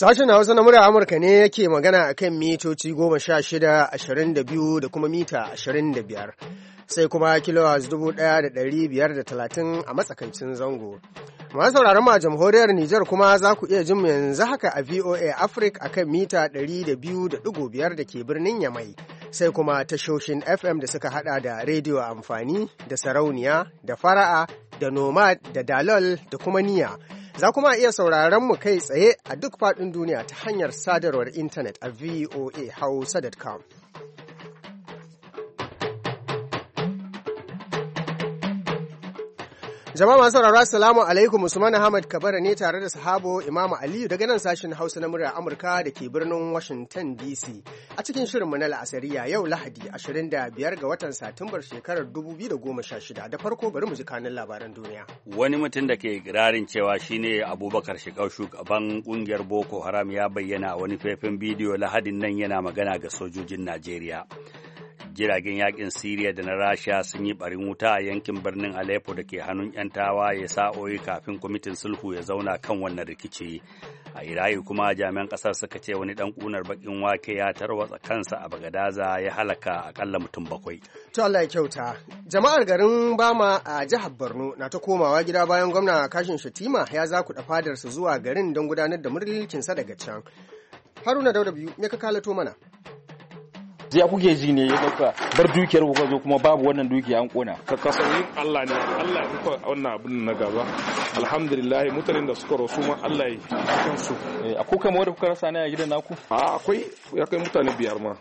Sashen Hausa na murya Amurka ne yake magana a kan mitoci goma sha shida, ashirin da biyu da kuma mita ashirin da biyar, sai kuma kilowas dubu ɗaya da ɗari biyar da talatin a matsakancin zango. Masu sauraron ma jamhuriyar Nijar kuma za ku iya jin yanzu haka a VOA Africa akan mita ɗari da biyu da ɗigo biyar da ke birnin Yamai. Sai kuma tashoshin FM da suka hada da rediyo amfani da sarauniya da fara'a da nomad da dalol da kuma niya. Za kuma iya sauraron mu kai tsaye a duk faɗin duniya ta hanyar sadarwar intanet a voahausa.com. Jama'a masu sauraro Assalamu alaikum Usman Ahmad Kabara ne tare da sahabo imamu Aliyu daga nan sashen Hausa na murya Amurka da ke birnin Washington DC. A cikin shirinmu na la'asariya yau Lahadi 25 ga watan Satumbar shekarar 2016 da farko bari mu ji kanin labaran duniya. Wani mutum da ke girarin cewa shine Abubakar Shekau shugaban kungiyar Boko Haram ya bayyana wani faifin bidiyo Lahadin nan yana magana ga sojojin Najeriya. jiragen yakin Siriya da na Rasha sun yi barin wuta a yankin birnin Aleppo da ke hannun 'yan tawaye sa'o'i kafin kwamitin sulhu ya zauna kan wannan rikici. A Iraki kuma jami'an ƙasar suka ce wani ɗan ƙunar baƙin wake ya tarwatsa kansa a Bagadaza ya halaka akalla mutum bakwai. To Allah ya kyauta. Jama'ar garin Bama a jihar Borno na ta komawa gida bayan gwamna Kashin Shatima ya zakuɗa fadarsa zuwa garin don gudanar da mulkinsa daga can. Haruna Dauda biyu, me ka kalato mana? ya kuke ji ne ya dauka bar dukiyar ku zo kuma babu wannan dukiya an kona ka kasarin Allah ne Allah ya kuka wannan abin na gaba alhamdulillah mutanen da suka rasu ma Allah ya kansu eh, a kuka ma wanda kuka rasa na a gidan naku a akwai ya kai mutane biyar ma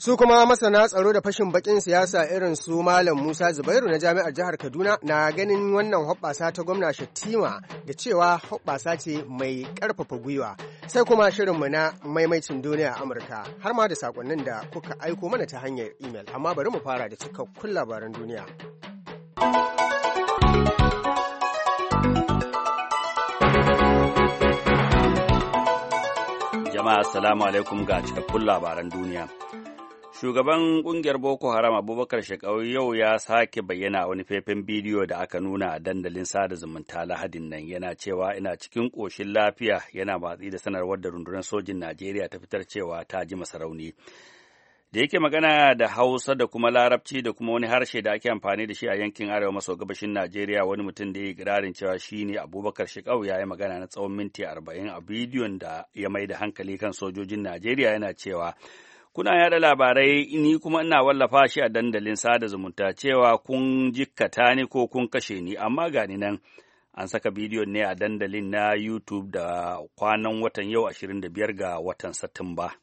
Su kuma masana tsaro da fashin bakin siyasa irin su Malam Musa Zubairu na Jami'ar Jihar Kaduna na ganin wannan hoɓɓasa ta gwamna Shattima da cewa hoɓɓasa ce mai ƙarfafa gwiwa. Sai kuma shirinmu na maimaicin duniya Amurka har ma da sakonnin da kuka aiko mana ta hanyar imel. Amma bari mu fara da cikakkun labaran duniya. Jama'a Assalamu alaikum ga cikakkun labaran duniya. Shugaban ƙungiyar Boko Haram Abubakar Shekau yau ya sake bayyana wani fefen bidiyo da aka nuna a dandalin sada zumunta Lahadin nan yana cewa ina cikin ƙoshin lafiya yana matsi da sanarwar da rundunar sojin Najeriya ta fitar cewa ta ji masarauni. Da yake magana da Hausa da kuma Larabci da kuma wani harshe da ake amfani da shi a yankin Arewa maso gabashin Najeriya wani mutum da ya yi girarin cewa shi ne Abubakar Shekau ya yi magana na tsawon minti arba'in a bidiyon da ya mai da hankali kan sojojin Najeriya yana cewa kuna yada labarai ni kuma ina wallafa shi a dandalin sada zumunta cewa kun jikkata ni ko kun kashe ni amma gani nan an saka bidiyon ne a dandalin na youtube da kwanan watan yau 25 ga watan satumba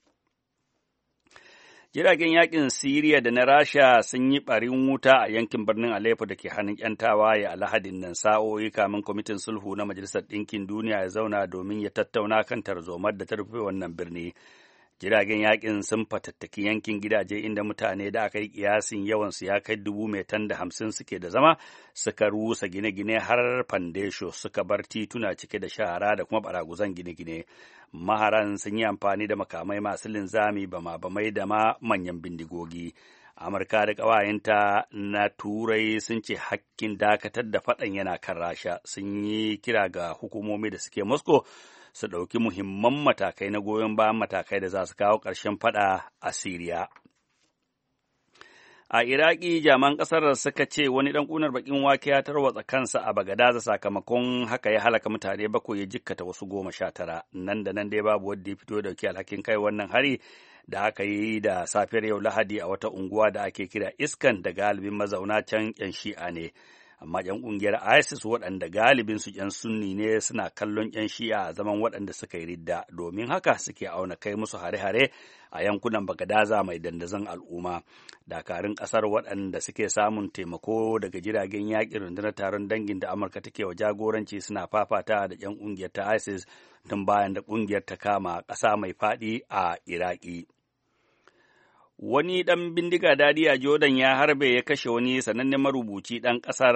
jiragen yakin siriya da na rasha sun yi barin wuta a yankin birnin aleppo da ke hannun 'yan tawaye a lahadin nan sa'o'i kamin kwamitin sulhu na majalisar ɗinkin duniya ya zauna domin ya tattauna kan tarzomar da ta rufe wannan birni jiragen yakin sun fatattaki yankin gidaje inda mutane da aka yi kiyasin yawansu ya kai dubu mai tan da hamsin suke da zama suka rusa gine-gine har fandesho suka bar tituna cike da shahara da kuma baraguzan gine-gine maharan sun yi amfani da makamai masu linzami bama-bamai da ma manyan bindigogi amurka da ƙawayenta na turai sun ce hakkin dakatar da faɗan yana kan rasha sun yi kira ga hukumomi da suke moscow su ɗauki muhimman matakai na goyon bayan matakai da za su kawo ƙarshen faɗa a Siriya. A Iraki jaman ƙasar suka ce wani ɗan ƙunar baƙin wake ya tarwatsa kansa a Bagadaza sakamakon haka ya halaka mutane bakwai ya jikkata wasu goma sha tara nan da nan dai babu wanda ya fito dauki alhakin kai wannan hari da aka yi da safiyar yau Lahadi a wata unguwa da ake kira Iskan da galibin mazauna can 'yan shi'a ne. amma 'yan ƙungiyar isis waɗanda galibin su 'yan sunni ne suna kallon 'yan shi'a a zaman waɗanda suka yi ridda domin haka suke auna kai musu hare-hare a yankunan bagadaza mai dandazon al'umma dakarun ƙasar waɗanda suke samun taimako daga jiragen yaƙin rundunar taron dangin da amurka take wa jagoranci suna fafata da 'yan ƙungiyar ta isis tun bayan da ƙungiyar ta kama ƙasa mai faɗi a iraki wani ɗan bindiga dadi a Jordan ya harbe ya kashe wani sanannen marubuci ɗan ƙasar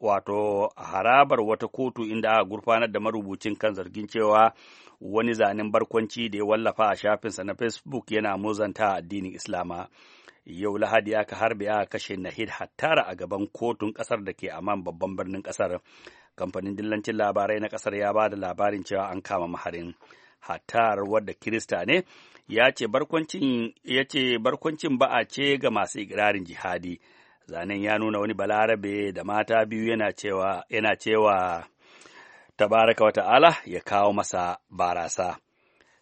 wato harabar wata kotu inda aka gurfanar da marubucin kan zargin cewa wani zanen barkwanci da ya wallafa a shafinsa na Facebook yana muzanta addinin Islama. Yau Lahadi aka harbe aka kashe Nahid Hattara a gaban kotun ƙasar da ke Amman babban birnin ƙasar. Kamfanin dillancin labarai na ƙasar ya ba da labarin cewa an kama maharin. Hattar wadda Kirista ne ya ce barkwancin ya ce barkwancin ba'a ce ga masu ikirarin jihadi zanen ya nuna wani balarabe da mata biyu yana cewa yana cewa tabaraka wa ta'ala ya kawo masa barasa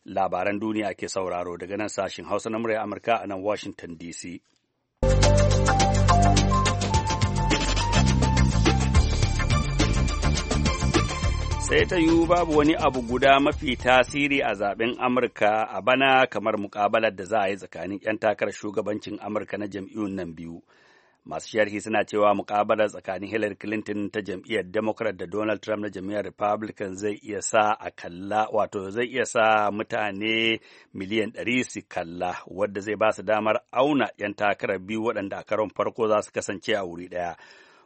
labaran duniya ke sauraro daga nan sashin hausa na murya amurka a nan washington dc sai ta yiwu babu wani abu guda mafi tasiri a zaben amurka a bana kamar mukabalar da za a yi tsakanin 'yan takarar shugabancin amurka na jam'iyyun nan biyu masu sharhi suna cewa mukabalar tsakanin hillary clinton ta jam'iyyar democrat da donald trump na jam'iyyar republican zai iya sa a kalla wato zai iya sa mutane miliyan ɗari su kalla wadda zai ba su damar auna 'yan takarar biyu waɗanda a karon farko za su kasance a wuri ɗaya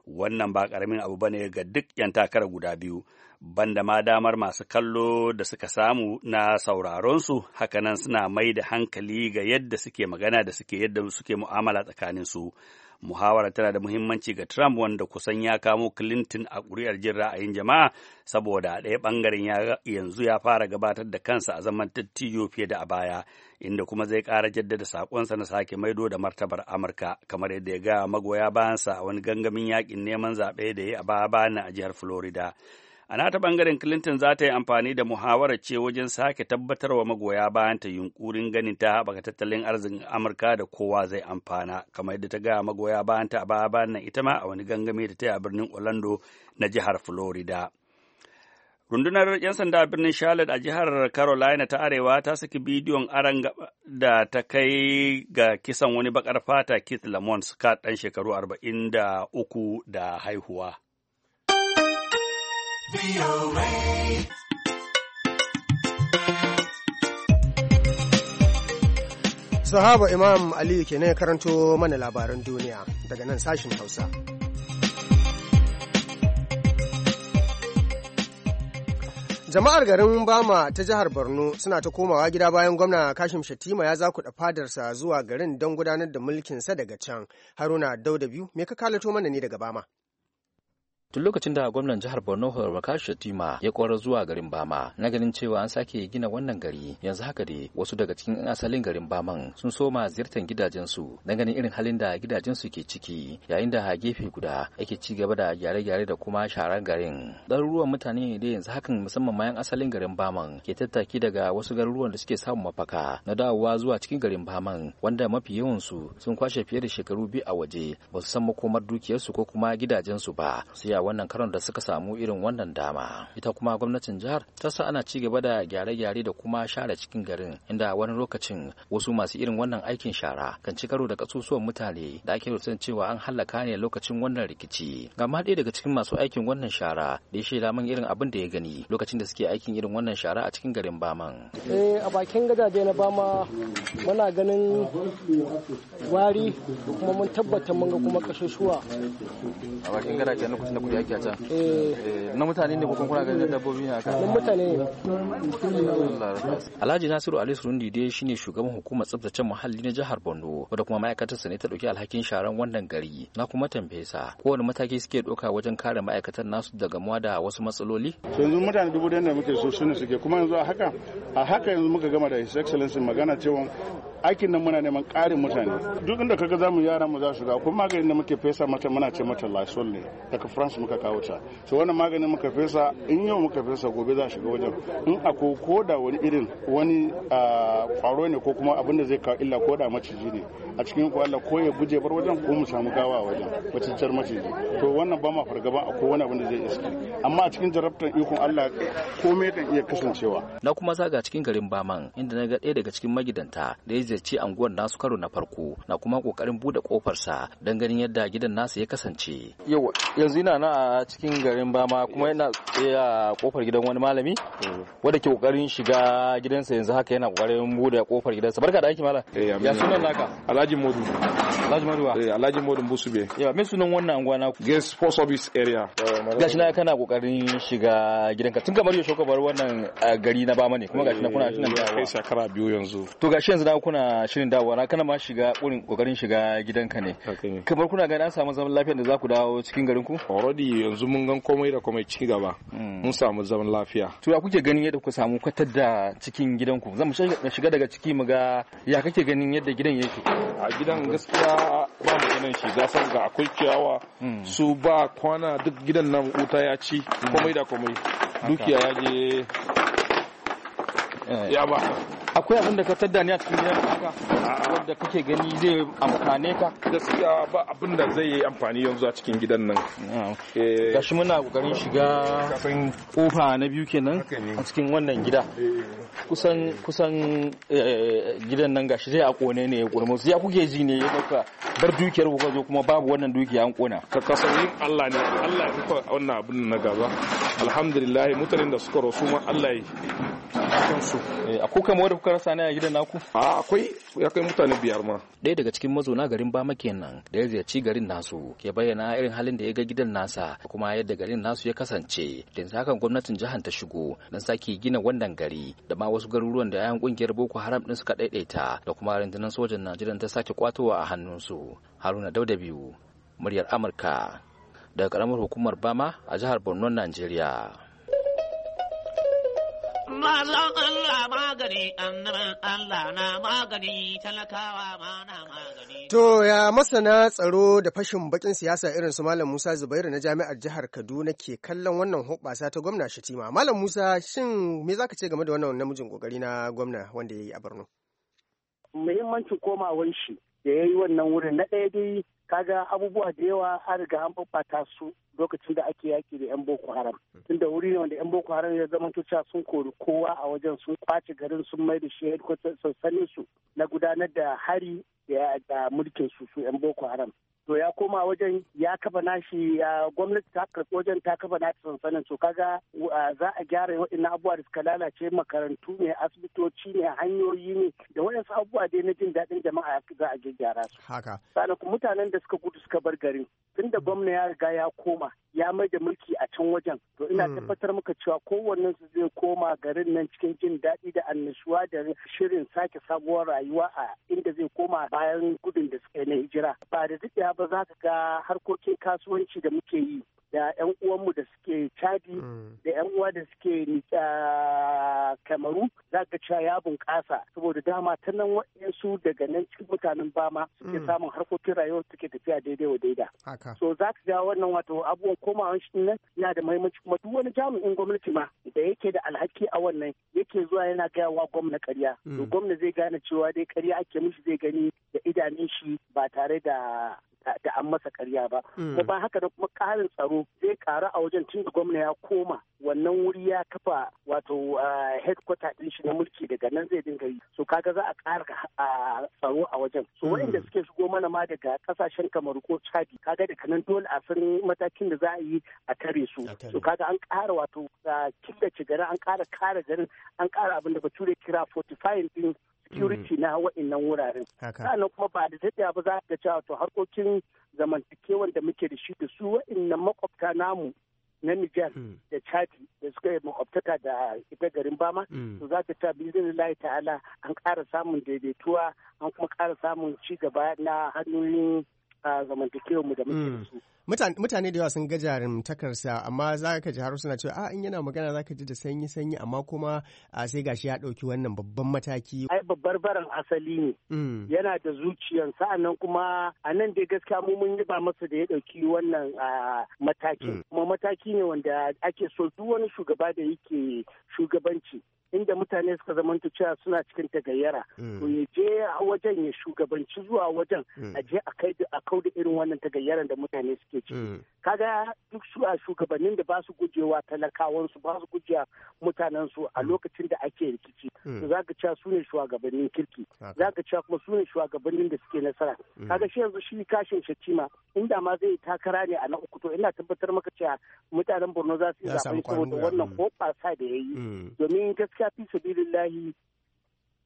wannan ba ƙaramin abu bane ga duk 'yan takarar guda biyu banda ma damar masu kallo da suka samu na sauraronsu hakanan suna mai da hankali ga yadda suke magana da suke yadda suke mu'amala tsakaninsu muhawara tana da muhimmanci ga Trump wanda kusan ya kamo Clinton a ƙuri'ar jin ra'ayin jama'a saboda ɗaya ɓangaren yanzu ya fara gabatar da kansa a zaman tattijo fiye da a baya inda kuma zai ƙara jaddada saƙonsa na sake maido da martabar Amurka kamar yadda ya ga magoya bayansa a wani gangamin yaƙin neman zaɓe da ya a baya a jihar Florida. a nata bangaren clinton za ta yi amfani da muhawarar ce wajen sake tabbatar wa magoya bayan ta yunkurin ganin ta haɓaka tattalin arzikin amurka da kowa zai amfana kamar yadda ta ga magoya bayan ta a baya bayan nan ita ma a wani gangame da ta yi a birnin orlando na jihar florida rundunar 'yan sanda a birnin charlotte a jihar carolina ta arewa ta saki bidiyon aran da ta kai ga kisan wani bakar fata keith lamont scott ɗan shekaru uku da haihuwa Sahaba Imam Aliyu ke ya karanto mana labaran duniya daga nan sashin Hausa. Jama'ar garin Bama ta jihar Borno suna ta komawa gida bayan gwamna Kashim Shatima ya zakuɗa fadarsa zuwa garin don gudanar da mulkinsa daga can. Haruna Dauda biyu, me ka kalato mana ne daga Bama? tun lokacin da gwamnan jihar borno horbaka shatima ya kwara zuwa garin bama na ganin cewa an sake gina wannan gari yanzu haka dai wasu daga cikin asalin garin baman sun soma ziyartar gidajensu na ganin irin halin da gidajensu ke ciki yayin da a gefe guda ake ci gaba da gyare-gyare da kuma sharar garin ɗaruruwan mutane da yanzu hakan musamman mayan asalin garin baman ke tattaki daga wasu garuruwan da suke samun mafaka na dawowa zuwa cikin garin baman wanda mafi yawansu sun kwashe fiye da shekaru biyu a waje ba su san makomar dukiyarsu ko kuma gidajensu ba a wannan karon da suka samu irin wannan dama ita kuma gwamnatin jihar ta sa ana ci gaba da gyare-gyare da kuma share cikin garin inda wani lokacin wasu masu irin wannan aikin shara kan ci karo da kasusuwan mutane da ake rutun cewa an halaka ne lokacin wannan rikici ga ma ɗaya daga cikin masu aikin wannan shara da ya shaida min irin abin da ya gani lokacin da suke aikin irin wannan shara a cikin garin baman eh, a bakin gadaje na bama muna ganin wari kuma mun tabbata mun ga kuma kasusuwa a bakin gadaje lokacin da da aiki can eh. Eh, na mutane ne kuma kuna ganin dabbobi ne aka mutane ne Alhaji Nasiru Ali Surundi dai shine shugaban hukumar tsaftace muhalli na jihar Borno wanda kuma ma'aikatar sa ne ta dauki alhakin sharan wannan gari na kuma tambaye sa kowane mataki suke doka wajen kare ma'aikatan nasu daga muwa da wasu matsaloli to yanzu mutane dubu da muke so su ne suke kuma yanzu a haka a haka yanzu muka gama da his excellency magana cewa aikin nan muna neman ƙarin mutane duk inda kaga zamu yara mu za su ga kuma maganin da muke fesa mata muna ce mata lysol ne daga france muka kawo ta so wannan maganin muka fesa in yau muka fesa gobe za shiga wajen in ako ko da wani irin wani kwaro ne ko kuma abin da zai kawo illa ko da maciji ne a cikin ku Allah ko ya guje bar wajen ko mu samu gawa a wajen macicciyar maciji to wannan ba ma fargaba ko wani abin da zai iske amma a cikin jarabtar ikon Allah komai kan iya kasancewa na kuma zaga cikin garin Baman inda na ga ɗaya daga cikin magidanta da ya ziyarci anguwar nasu karo na farko na kuma kokarin bude kofarsa don ganin yadda gidan nasu ya kasance yanzu ina na a cikin garin bama kuma yana tsaye kofar gidan wani malami eh. wanda ke kokarin shiga gidansa yanzu haka yana kokarin bude kofar gidansa barka da aiki malam eh, ya sunan naka alhaji modu alhaji modu ba eh alhaji modu busube yawa me sunan wannan anguwa na guest post service area gashi na kana kokarin shiga gidanka tun kamar yau shoko bar wannan eh, gari na bama ne kuma gashi na kuna tunan da kai shekara biyu yanzu to gashi yanzu na kuna kana shirin dawowa na kana ma shiga kurin kokarin shiga gidanka ne kamar kuna gani an samu zaman lafiya da za ku dawo cikin garin ku already yanzu mun gan komai da komai ci gaba hmm. mun samu zaman lafiya to ya kuke ganin yadda kuka samu kwatar da cikin gidanku zan mu shiga daga ciki mu ga ya kake ganin yadda gidan yake a gidan gaskiya ba mu ganin shi za san ga akwai ciyawa hmm. su ba kwana duk gidan nan wuta ya ci hmm. komai da komai dukiya ya je Eh. ya ba akwai abin da ka tadda ne a cikin gidan haka wanda kake gani zai amfane ka gaskiya ba abin da zai yi amfani yanzu a cikin gidan nan eh. shi muna kokarin shiga kofa na biyu kenan a cikin wannan gida eh. kusan kusan gidan nan gashi zai a kone ne ya kurmus ya kuke ji ne ya dauka bar dukiyar ku zo kuma babu wannan dukiya an kona ka kasan Allah ne Allah ya kuka wannan abin na gaba alhamdulillah mutanen da suka rasu ma Allah ya kansu Eh, a kuka mawa da kuka rasa ne a gidan naku a akwai ya kai mutane biyar ma ɗaya daga cikin mazauna garin bama kenan da ya ziyarci garin nasu ke bayyana irin halin da ya ga gidan nasa kuma yadda garin nasu ya kasance da yanzu hakan gwamnatin jihar ta shigo don sake gina wannan gari da ma wasu garuruwan da yayan kungiyar boko haram din suka daidaita da kuma rundunar sojan najeriya ta sake kwatowa a hannunsu haruna dauda biyu muryar amurka daga karamar hukumar bama a jihar borno najeriya Mazan Allah magani, annabin Allah na magani, talakawa ma na magani. To ya masana tsaro da fashin bakin siyasa irin su Malam Musa Zubairu na Jami'ar Jihar Kaduna ke kallon wannan hoɓɓasa ta gwamna Shatima. Malam Musa, shin me za ka ce game da wannan namijin kokari na gwamna wanda ya yi a Borno? Muhimmancin komawan shi da ya yi wannan wurin na ɗaya dai kaga abubuwa da yawa an riga an babbata su lokacin da ake yaki da yan boko haram tunda wuri ne wanda yan boko haram ya zama cewa sun kori kowa a wajen sun kwace garin sun mai da shi sansanin su na gudanar da hari da mulkin su su yan boko haram to ya koma wajen ya kafa nashi gwamnati ta karɓi wajen ta kafa nashi sansanin to kaga za a gyara waɗannan abubuwa da suka lalace makarantu ne asibitoci ne hanyoyi ne da waɗansu abubuwa dai na jin daɗin jama'a za a gyara su haka mutanen da suka gudu suka bar garin tunda mm. gwamna ya riga ya koma ya mai da mulki a can wajen to ina mm. tabbatar maka cewa kowanne su zai koma garin nan cikin jin daɗi da annashuwa da shirin sake sabuwar rayuwa a inda zai koma bayan gudun da suka yi na hijira ba da duk ba za ka ga harkokin kasuwanci da muke yi da 'yan uwanmu da suke chadi mm. da 'yan uwa da suke kamaru za ka cewa ya bunƙasa saboda dama ta nan waɗansu daga nan cikin mutanen bama suke mm. samun harkokin rayuwar suke tafiya daidai wa daida so za ka ga wannan wato abubuwan komawa shi nan yana da mahimmanci kuma duk wani jami'in gwamnati ma da yake da alhaki a wannan yake zuwa yana gaya wa gwamna ƙarya mm. to gwamna zai gane cewa dai ƙarya ake mishi zai gani da idanun shi ba tare da da an masa ƙarya ba. Ko ba haka da kuma ƙarin tsaro zai karu a wajen tun da gwamna ya koma wannan wuri ya kafa wato headquarter din shi na mulki daga nan zai dinga yi so kaga za a ƙara tsaro a wajen so hmm. waɗanda suke shigo mana ma daga kasashen kamar ko chadi kaga daga nan dole a san matakin da za a yi a tare su so kaga an ƙara wato killace garin an ƙara kare garin an ƙara abin da bature kira 45 din hmm. security na waannan wuraren sannan kuma ba da daɗewa ba za ka cewa to harkokin zamantakewar da muke da shi da su wa'innan makwabta namu na Nijar hmm. da Chadi da suka yi makwabtaka da ita garin Bama hmm. to za ta ta bizin layi ta'ala an ƙara samun daidaituwa an kuma ƙara samun ci gaba na hanyoyin ah, zamantakewar mu da muke da hmm. su. mutane da yawa sun ga takarsa amma za ka ji har suna cewa a in yana magana za ka ji da sanyi sanyi amma kuma a sai gashi ya ɗauki wannan babban mataki. Ai babbar baran asali ne. Hmm. Yana da zuciyan sa'annan kuma a nan dai gaskiya mu mun yaba masa da ya ɗauki wannan mataki. Hmm. Kuma mataki ne wanda ake so duk wani shugaba da yake shugabanci. inda mutane suka zamanta cewa suna cikin tagayyara hmm. to ya je a wajen ya shugabanci zuwa wajen a je a kai da irin wannan tagayyaran da mutane suke ka ciki mm. kaga duk su a shugabannin da ba su gujewa talakawansu ba su gujewa mutanensu a mm. lokacin da ake rikici mm. za ka cewa su ne shugabannin kirki za ka cewa kuma su ne shugabannin da suke nasara kaga shi yanzu shi kashin shatima inda ma zai takara ne a na uku to ina tabbatar maka cewa mutanen borno za su yi zaɓen saboda wannan ko da ya yi domin gaskiya fi sabilillahi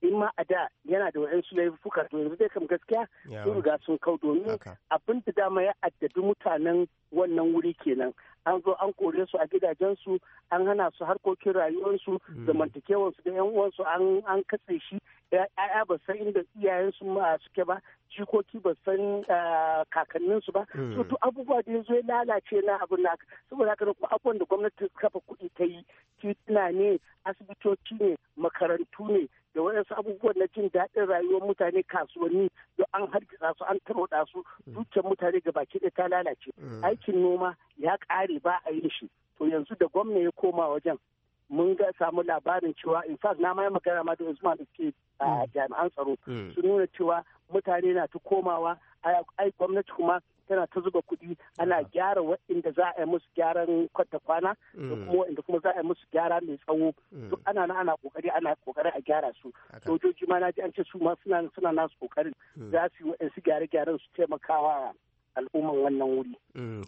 in ma a da yana da wa'yansu laifuka to yanzu dai kam gaskiya sun riga sun kau domin abin da dama ya addabi mutanen wannan wuri kenan an zo an kore su a gidajensu an hana su harkokin rayuwarsu hmm. zamantakewarsu da yan uwansu an katse shi ya'ya ba san inda iyayensu ma suke ba jikoki ba san ah, kakanninsu ba hmm. su to abubuwa da yanzu ya lalace na abin na saboda haka kuma abubuwan da gwamnati kafa kuɗi ta yi titina ne asibitoci ne makarantu ne da wayansu abubuwan na jin daɗin rayuwar mutane kasuwanni da an hargitsa su an tarwaɗa su mm. dukkan mutane ga baki ɗaya ta lalace mm. aikin noma ya ƙare ba a yi shi to yanzu da gwamna ya koma wajen mun ga samu labarin cewa in fact na mai magana ma da Usman da suke a mm. jami'an tsaro mm. su nuna cewa mutane na ta komawa ai gwamnati kuma tana ta zuba kuɗi ana mm. gyara waɗanda za a yi musu gyaran kwata kwana da kuma waɗanda kuma za a yi musu gyara mai tsawo duk ana na ana kokari ana kokari a gyara su sojoji ma na ji an ce su ma suna suna nasu kokarin za su yi waɗansu gyare-gyaren su taimakawa al'umman wannan wuri.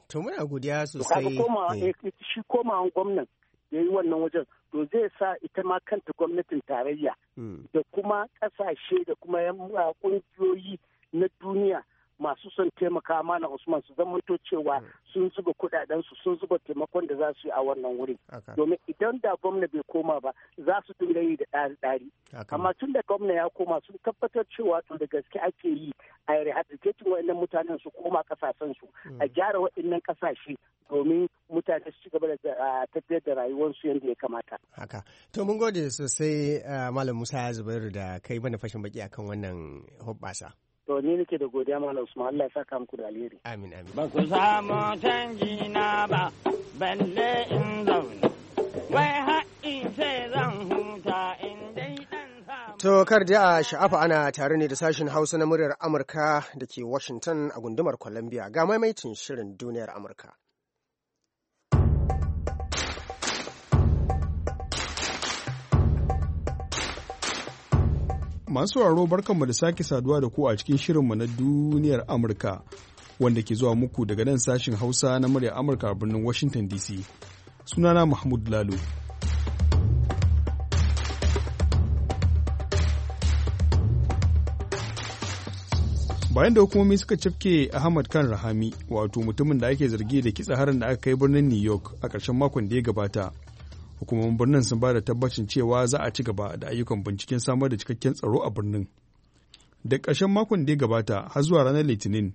To muna godiya sosai. Eh, shi komawan gwamnan ya yi wannan wajen to zai sa ita ma kanta gwamnatin tarayya hmm. da kuma ƙasashe da kuma ah, ƙungiyoyi na taimaka mana usman su to cewa mm. sun zuba kudaden su sun zuba taimakon da za su yi a wannan wuri domin idan da gwamna bai koma ba za su dinga yi da ɗari ɗari amma tun da gwamna ya koma sun tabbatar cewa to da gaske ake yi a rehabilitating wa'annan mutanen su koma kasashen su a mm. gyara wa'annan kasashe domin mutane su ci gaba da tafiyar da rayuwarsu yadda ya kamata. Haka. To mun gode sosai eh, Malam Musa Zubairu da kai mana fashin baki akan wannan hoɓɓasa. To ni nake da godiya Malam Usman Allah ya saka muku da alheri. Amin amin. Ba ku samu canji na ba balle in zauna. Wai haƙi sai zan huta in dai To kar da a sha'afa ana tare ne da sashen Hausa na muryar Amurka da ke Washington a gundumar Columbia ga maimaitin shirin duniyar Amurka. Masu sauraro barkanmu da sake saduwa da ku a cikin shirinmu na duniyar Amurka wanda ke zuwa muku daga nan sashin Hausa na murya Amurka a birnin Washington DC. Sunana Mahmud Lalo. bayan da hukumomi suka cafke ahmad kan rahami wato mutumin da ake zargi da kitsa harin da aka kai birnin new york a ƙarshen makon da ya gabata hukumomin birnin sun ba da tabbacin cewa za a ci gaba da ayyukan binciken samar da cikakken tsaro a birnin da ƙarshen makon da ya gabata har zuwa ranar litinin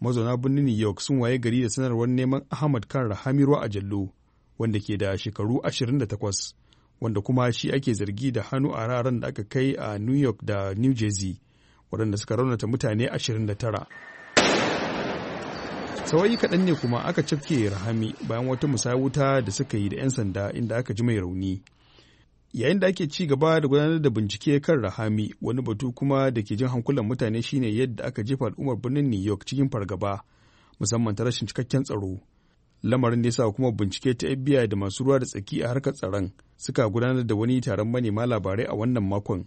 mazauna birnin new york sun waye gari da sanarwar neman ahmad kan rahamiro a jallo wanda ke da shekaru 28 wanda kuma shi ake zargi da hannu a raran da aka kai a new york da new jersey waɗanda suka raunata mutane 29 sawayi kaɗan ne kuma aka cafke rahami bayan wata musawuta da suka yi da 'yan sanda inda aka ji mai rauni yayin da ake ci gaba da gudanar da bincike kan rahami wani batu kuma da ke jin hankulan mutane shine yadda aka jefa al'ummar birnin new york cikin fargaba musamman ta rashin cikakken tsaro lamarin da sa kuma bincike ta fbi da masu ruwa da tsaki a harkar tsaron suka gudanar da wani taron manema labarai a wannan makon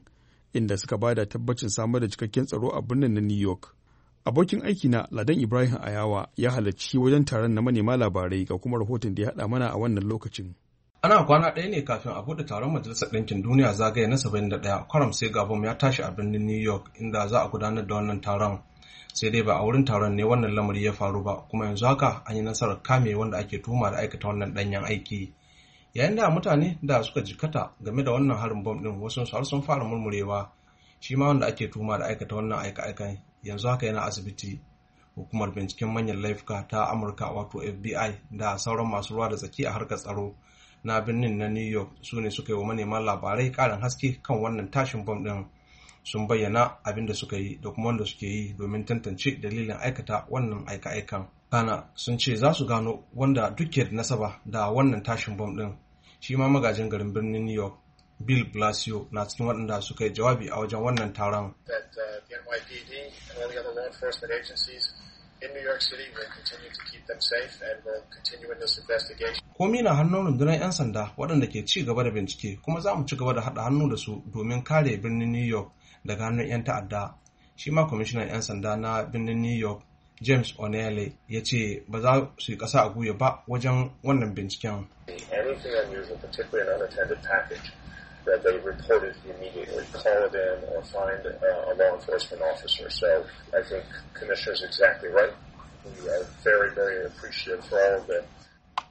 inda suka bada tabbacin samar da cikakken tsaro a birnin na new york Abokin aiki na Ladan Ibrahim Ayawa ya halarci wajen taron na manema labarai ga kuma rahoton da ya haɗa mana a wannan lokacin. Ana kwana ɗaya ne kafin a buɗe taron Majalisar Ɗinkin Duniya zagaye na 71 kwaram sai gabom ya tashi a birnin New York inda za a gudanar da wannan taron. Sai dai ba a wurin taron ne wannan lamari ya faru ba kuma yanzu haka an yi nasarar kame wanda ake tuhuma da aikata wannan ɗanyen aiki. Yayin da mutane da suka jikata game da wannan harin bom ɗin wasu har sun fara murmurewa shi ma wanda ake tuhuma da aikata wannan aika-aikan yanzu haka yana asibiti hukumar binciken manyan laifuka ta amurka wato fbi da sauran masu ruwa da tsaki a harkar tsaro na birnin na new york su ne suka yi wa manema labarai karin haske kan wannan tashin bom din sun bayyana abin da suka yi da kuma wanda suke yi domin tantance dalilin aikata wannan aika-aikan kana sun ce za su gano wanda duk da nasaba da wannan tashin bom din shi ma magajin garin birnin new york bill blasio na cikin waɗanda suka yi jawabi a wajen wannan taron uh, Komi na hannun rundunar 'yan sanda waɗanda ke ci gaba da bincike kuma za mu ci gaba da haɗa hannu da su domin kare birnin New York daga hannun 'yan ta'adda. Shi ma kwamishinan 'yan sanda na birnin New York James O'Neill ya ce ba za su yi ƙasa a guya ba wajen wannan binciken. Anything unusual, particularly that they reported immediately, call it in or find uh, a law enforcement officer. So I think Commissioner's exactly right. We are very, very appreciative for all of that.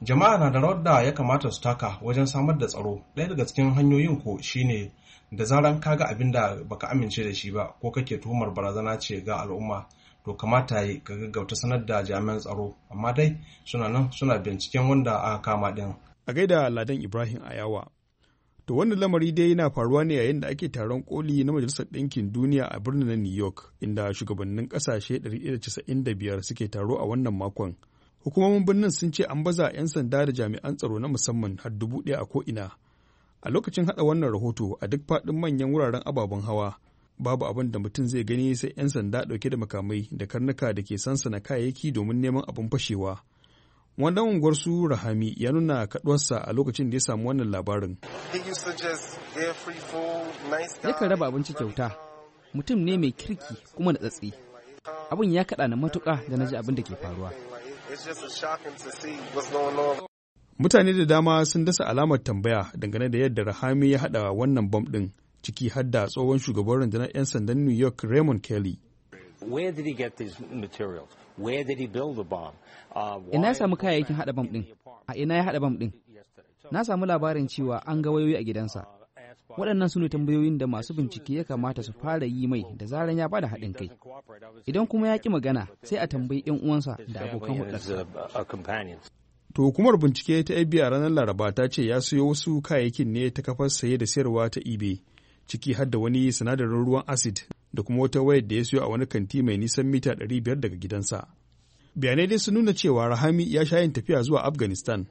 Jama'a na da rawar da ya kamata su taka wajen samar da tsaro. Ɗaya daga cikin hanyoyin ko shine da zaran kaga abin da baka amince da shi ba ko kake tuhumar barazana ce ga al'umma to kamata yi ka gaggauta sanar da jami'an tsaro amma dai suna nan suna binciken wanda aka kama din. A gaida Ladan Ibrahim Ayawa To wannan lamari dai yana faruwa ne yayin da ake taron koli na Majalisar Ɗinkin Duniya a birnin New York, inda shugabannin ƙasashe 195 suke taro a wannan makon. Hukumomin birnin sun ce an baza 'yan sanda da jami'an tsaro na musamman har dubu ɗaya a ko'ina. A lokacin haɗa wannan rahoto a duk faɗin manyan wuraren ababen hawa, babu abin da mutum zai gani sai 'yan sanda ɗauke da makamai da karnuka da ke sansana kayayyaki domin neman abin fashewa. wanda unguwar su rahami ya nuna kaduwarsa a lokacin da ya samu wannan labarin yakan raba abinci kyauta mutum ne mai kirki kuma da tsatsi abin ya kaɗa na matuƙa da na ji abin da ke faruwa mutane da dama sun dasa alamar tambaya dangane da yadda rahami ya haɗa wannan bam ɗin ciki har da tsohon shugaban rundunar 'yan sandan new york raymond kelly Where did get these materials? Ina uh, eh, ya samu kayayyakin haɗa bam ɗin? A ina ah, eh, ya haɗa bam ɗin? Na samu labarin cewa an ga wayoyi a gidansa. Uh, Waɗannan su ne tambayoyin da masu bincike ya kamata su fara yi mai da zaran ya bada haɗin kai. Idan kuma ya ƙi magana sai a tambayi 'yan uwansa da abokan To hukumar bincike ta FBI ranar Laraba ta ce ya sayo wasu kayayyakin ne ta kafar saye da sayarwa ta eBay, ciki har da wani sinadarin ruwan acid da kuma wata wayar da ya siyo a wani kanti mai nisan mita 500 daga gidansa. Bayanai dai sun nuna cewa Rahami ya sha yin tafiya zuwa Afghanistan.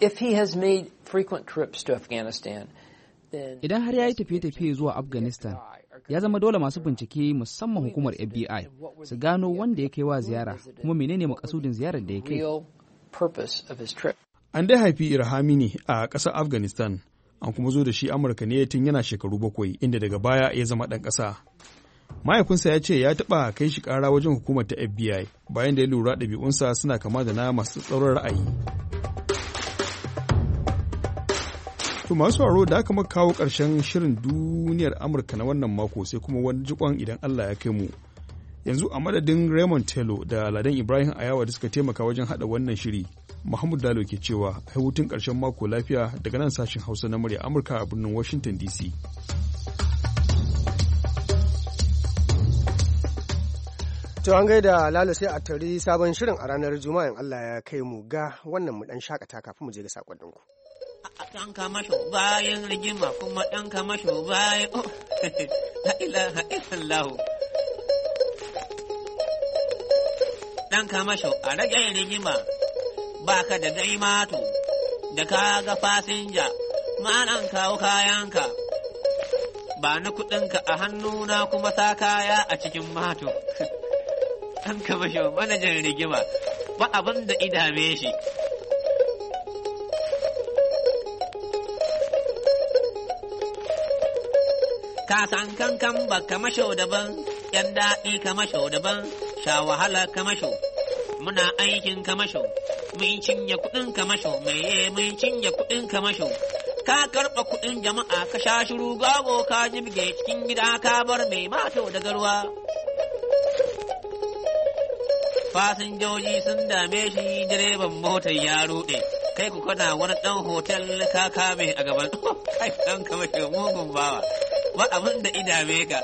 If he has made frequent trips to Afghanistan, Idan har ya yi tafiye-tafiye zuwa Afghanistan, ya zama dole masu bincike musamman hukumar FBI su gano wanda ya kai wa ziyara kuma menene makasudin ziyarar da ya kai. An dai haifi Irhami ne a ƙasar Afghanistan, an kuma zo da shi Amurka ne tun yana shekaru bakwai inda daga baya ya zama ɗan ƙasa. mahaifinsa ya ce ya taɓa kai shi ƙara wajen hukumar ta fbi bayan da ya lura ɗabi'unsa suna kama da na masu tsauran ra'ayi to masu sauraro da aka maka kawo ƙarshen shirin duniyar amurka na wannan mako sai kuma wani jikon idan allah ya kai mu yanzu a madadin raymond telo da ladan ibrahim ayawa da suka taimaka wajen haɗa wannan shiri muhammad dalo ke cewa hutun ƙarshen mako lafiya daga nan sashen hausa na murya amurka a birnin washington dc To an gaida Lalo sai a tari sabon shirin a ranar Juma'a in Allah ya kai mu ga wannan mu dan shakata kafin mu je ga A Ɗan kama bayan rigima kuma ɗan kama bayan la ilaha illallah. Ɗan kama a rage rigima ba ka da dai mato da ka ga fasinja ma'anan kawo kayanka ba na kuɗinka a hannuna kuma sa kaya a cikin mato. ɗan kamashin manajan rigima ba abin da idame shi Ka san kankan ba kamasho daban yan daɗi kamasho daban sha wahala kamasho muna aikin kamasho mun cinye kuɗin kamasho yi mun cinye kuɗin kamasho ka karɓa kuɗin jama'a ka sha shiru gago ka jibge cikin gida ka bar mai mato da garwa. fasinjoji sun dame shi direban motar ya rude kai ku kana wani dan hotel ka kame a gaban oh, kai dan kama ke mugun bawa ba abin da idame ka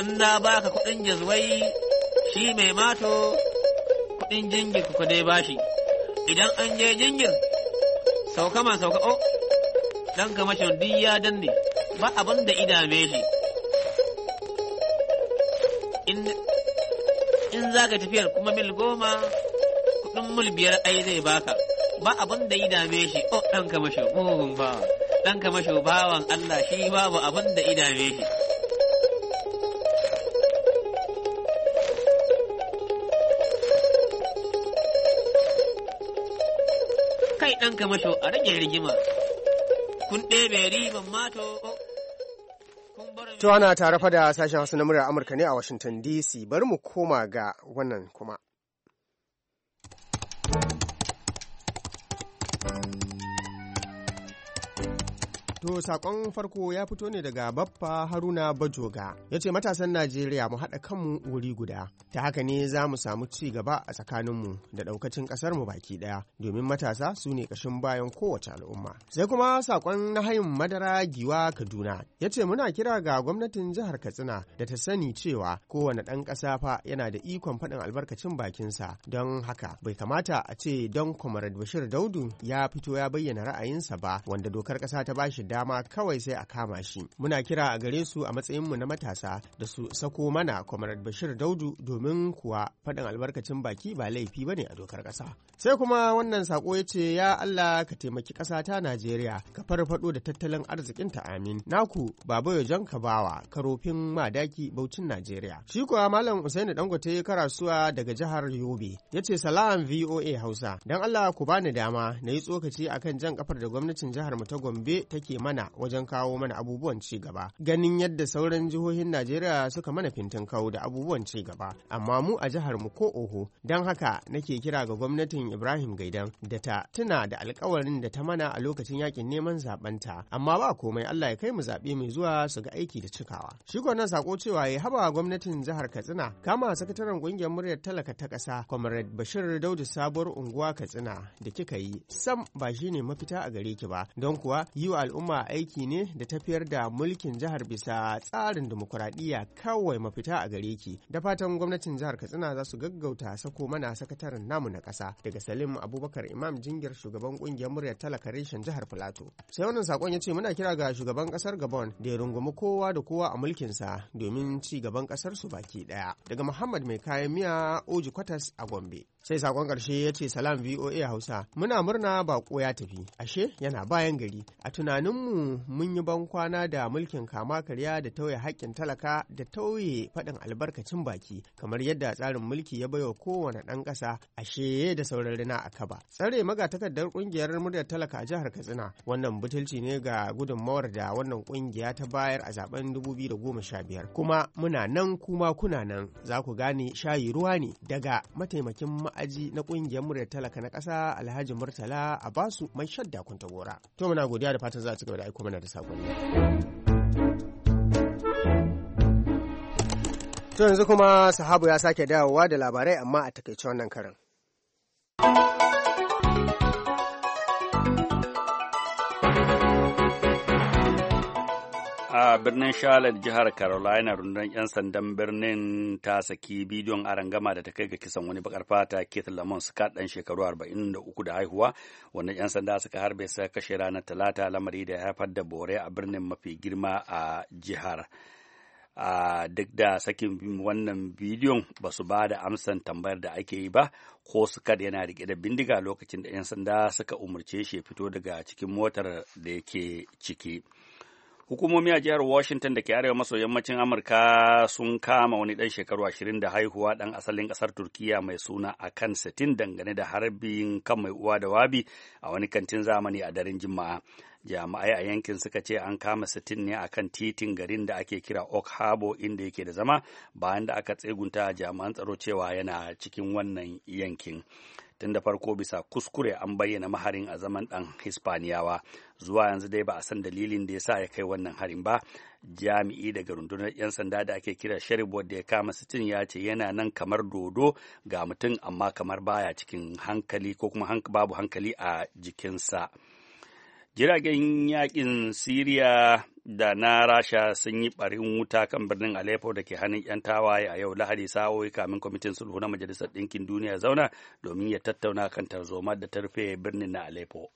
in na baka kuɗin jazwai shi mai mato kuɗin jingir ku dai bashi idan an je jingir sauka ma sauka oh ɗan kamashin duk ya danne ba abin da idame shi in za ka tafiyar kuma mil goma kuɗin mil biyar ai zai baka ba abin da idame shi o oh, ɗan kamashin mugun oh, bawa ɗan kamashin bawan Allah shi babu abin da idame shi kai ɗan kamasho a rage rigima kun ɗebe riban oh, ana tare fa da sashen Hausa na murar Amurka ne a Washington DC bari mu koma ga wannan kuma. To sakon farko ya fito ne daga Baffa Haruna Bajoga ya ce matasan Najeriya mu haɗa kanmu wuri guda ta haka ne za mu samu ci gaba a tsakaninmu da ɗaukacin ƙasarmu baki ɗaya domin matasa su ne ƙashin bayan kowace al'umma. Sai kuma sakon na hayin madara giwa Kaduna ya ce muna kira ga gwamnatin jihar Katsina da ta sani cewa kowane ɗan ƙasa fa yana da ikon faɗin albarkacin bakinsa don haka bai kamata a ce don Comrade Bashir Daudu ya fito ya bayyana ra'ayinsa ba wanda dokar ƙasa ta bashi da dama kawai sai a kama shi muna kira a gare su a matsayinmu na matasa da su sako mana comrade bashir daudu domin kuwa faɗin albarkacin baki ba laifi bane a dokar ƙasa sai kuma wannan sako ya ce ya Allah ka taimaki ƙasa ta Najeriya ka farfaɗo da tattalin arzikin ta amin naku baba ka bawa karofin madaki baucin Najeriya shi kuwa malam Usaini Dangote karasuwa daga jihar Yobe ya ce salam VOA Hausa dan Allah ku bani dama na yi tsokaci akan jan kafar da gwamnatin jihar mu ta Gombe take mana wajen kawo mana abubuwan ci gaba ganin yadda sauran jihohin Najeriya suka mana fintin kawo da abubuwan ci gaba amma mu a jihar mu ko oho dan haka nake kira ga gwamnatin Ibrahim Gaidan da ta tuna da alkawarin da ta mana a lokacin yakin neman zabanta amma ba komai Allah ya kai mu zaɓe mai zuwa su ga aiki da cikawa. Shi nan sako cewa ya haba gwamnatin jihar Katsina kama sakataren ƙungiyar muryar talaka ta ƙasa Comrade Bashir Daudu sabuwar unguwa Katsina da kika yi sam ba shi ne mafita a gare ki ba don kuwa yi wa al'umma aiki ne da tafiyar da mulkin jihar bisa tsarin dimokuraɗiyya kawai mafita a gare ki da fatan gwamnatin jihar Katsina za su gaggauta sako mana sakataren namu na ƙasa daga da Salim Abubakar Imam Jingir shugaban kungiyar Murya, talaka reshen jihar Filato. Sai wannan sakon ya ce muna kira ga shugaban kasar Gabon da ya rungumi kowa da kowa a mulkinsa domin ci gaban kasar su baki daya. Daga Muhammad mai kayan miya Oji Kwatas a Gombe. sai sakon karshe ya ce salam voa hausa muna murna bako ya tafi ashe yana bayan gari a tunaninmu mun yi kwana da mulkin kama karya da tauye haƙƙin talaka da tauye faɗin albarkacin baki kamar yadda tsarin mulki ya baiwa kowane ɗan ƙasa ashe da sauran rina a kaba tsare magatakardar ƙungiyar muryar talaka a jihar katsina wannan butulci ne ga gudunmawar da wannan ƙungiya ta bayar a zaben biyar. kuma muna nan kuma kuna nan za ku gane shayi ruwa ne daga mataimakin aji na kungiyar muryar talaka na ƙasa Alhaji Murtala a basu mai shadda kunta gora. To muna godiya da fatan za a ci gaba da aiko mana da saƙonni. To yanzu kuma sahabu ya sake dawowa da labarai amma a takaice wannan karin. a birnin Charlotte jihar Carolina rundunar 'yan sandan birnin ta saki bidiyon arangama da ta kai ga kisan wani bakar fata Keith Lamont Scott dan shekaru 43 da haihuwa wannan 'yan sanda suka harbe sa kashe ranar Talata lamari da ya haifar da bore a birnin mafi girma a jihar. a duk da sakin wannan bidiyon ba su ba da amsan tambayar da ake yi ba ko Scott yana rike da bindiga lokacin da 'yan sanda suka umarce shi fito daga cikin motar da yake ciki. Hukumomi a jihar Washington da ke arewa maso yammacin Amurka sun kama wani dan shekaru ashirin da haihuwa dan asalin kasar Turkiya mai suna a kan sitin dangane da harbin kan mai uwa da wabi a wani kantin zamani a daren Juma'a. Jami'ai a yankin suka ce an kama sitin ne akan titin garin da ake kira Oak Harbor inda yake da zama bayan da aka tsegunta jami'an tsaro cewa yana cikin wannan yankin. tun da farko bisa kuskure an bayyana maharin a zaman ɗan hispaniyawa zuwa yanzu dai ba a san dalilin da ya sa ya kai wannan harin ba jami'i daga rundunar 'yan sanda da ake kira sharif wadda ya kama sitin ya ce yana nan kamar dodo ga mutum amma kamar baya cikin hankali ko kuma babu hankali a jikinsa. Jiragen yakin Siriya da na Rasha sun yi ɓarin wuta kan birnin alepo da ke hannun 'yan tawaye a yau Lahadi sa'o'i kamin kwamitin sulhu na Majalisar Ɗinkin Duniya zauna domin ya tattauna kan tarzoma da ta rufe birnin na alepo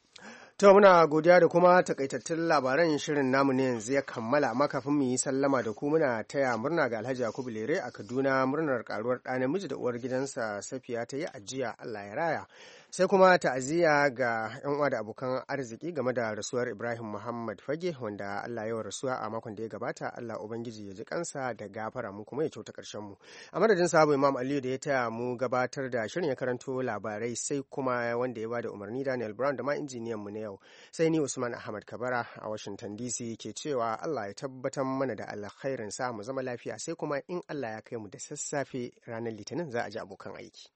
To muna godiya da kuma takaitattun labaran shirin namu ne yanzu ya kammala amma kafin mu yi sallama da ku muna taya murna ga Alhaji Yakubu Lere a Kaduna murnar karuwar ɗa namiji da uwar gidansa Safiya ta yi ajiya Allah ya raya. sai kuma ta'aziyya ga 'yan uwa da abokan arziki game da rasuwar ibrahim muhammad fage wanda allah yawan rasuwa a makon da ya gabata allah ubangiji ya ji kansa da gafara mu kuma ya kyauta karshen mu a madadin sabo imam aliyu da ya taya mu gabatar da shirin ya karanto labarai sai kuma wanda ya bada umarni daniel brown da ma injiniyan mu na yau sai ni usman ahmad kabara a washington dc ke cewa allah ya tabbatar mana da alkhairin sa mu zama lafiya sai kuma in allah ya kai mu da sassafe ranar litinin za a ji abokan aiki